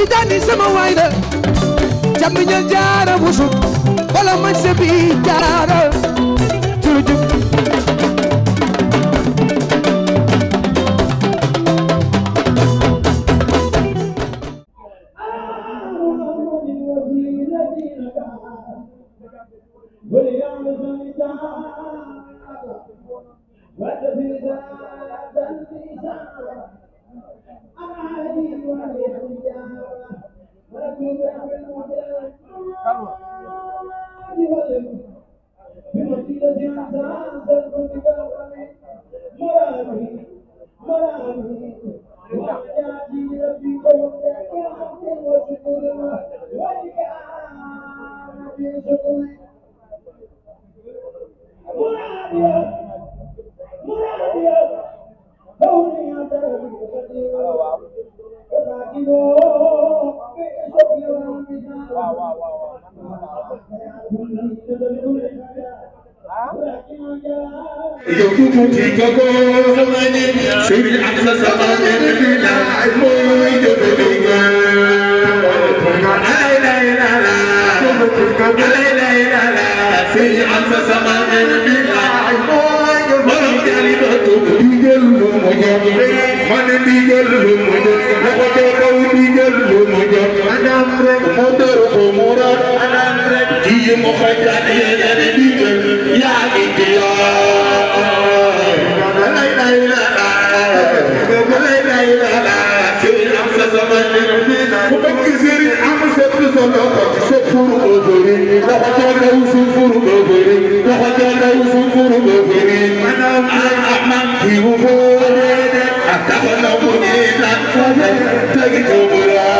tijaani sama waay la jamiñal jaara busu wala man sebi jaara jurujub وليعمل من دعاك وتزيدك Yeah. Yo tutu tigako sama ni suri aksa sama ni la أمورا أنا مرتي مخيطا إلى نبينا يا إتيار لا إله إلا الله لا إله إلا الله سيد أمس زمان كبك سيد أمس زمان سفر أبري لحجة له سفر أبري لحجة له سفر أبري أنا أحمد في وفوري أتخلق نيلا تجد أبرا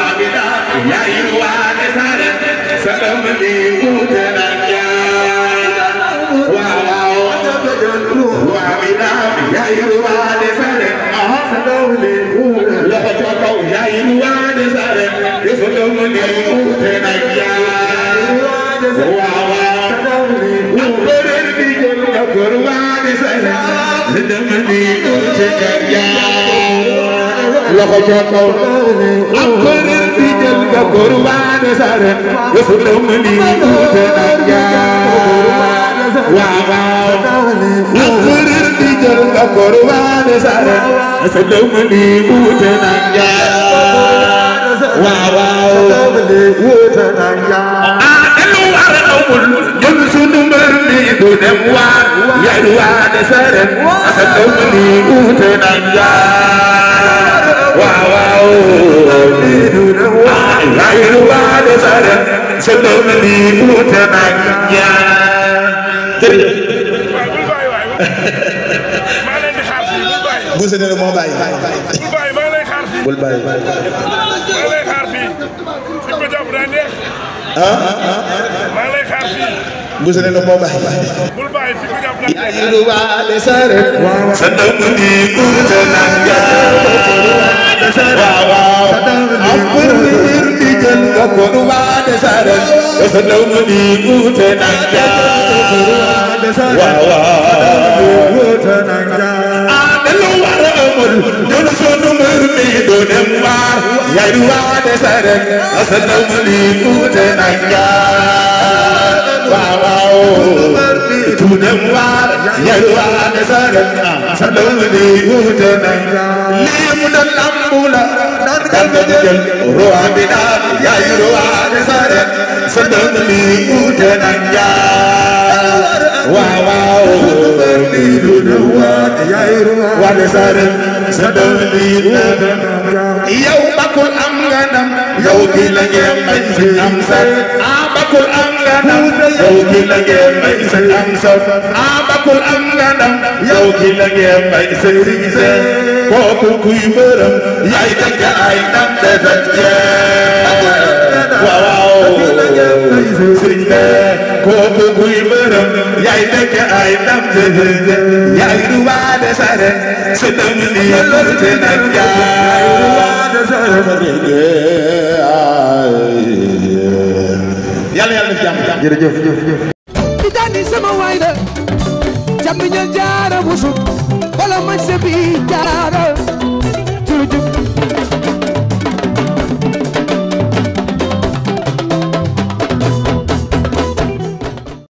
loxo ca kaw ka kurban sare Rasulum li utenanya Wow wow Akurir dijal ka kurban sare Rasulum li utenanya Wow wow Utenanya Adelu ah, aramul Jum sunumber li dunem war Yalwan sare Rasulum li utenanya Wow wow خير بعد سرد سلم لي متنجا buuse ne la كروان سارا يسلو مديبو تنجا واوا عدلو ورمل جلسون مرمي دون موار يروان سارا يسلو مديبو تنجا واوا tunan war yarwa da tsarin a sadau ne hutu nan limu da lambula dal na ñu jël ruwa bi naan yaayu ruwa de sare sa dënn li uute na ñaar waaw waaw li du de waat yaayu ruwa de sare sa dënn li uute na ñaar yow bakul am nga ndam yow bi la ngeen may seen am saf abakul am la ngeen may seen am saf abakul am la ngeen may seen seen kooku kuy mbërëm yaay dëgg ay ndam defet waaw waaw sëriñ be kooku kuy ay ndam defet yaay ruwaade sare sëtëm li yëlëte nag yaay ruwaade jërëjëf jërëjëf. Tijani sama waay la. jàmm ñal jaara busu. wala ma se bi jaara.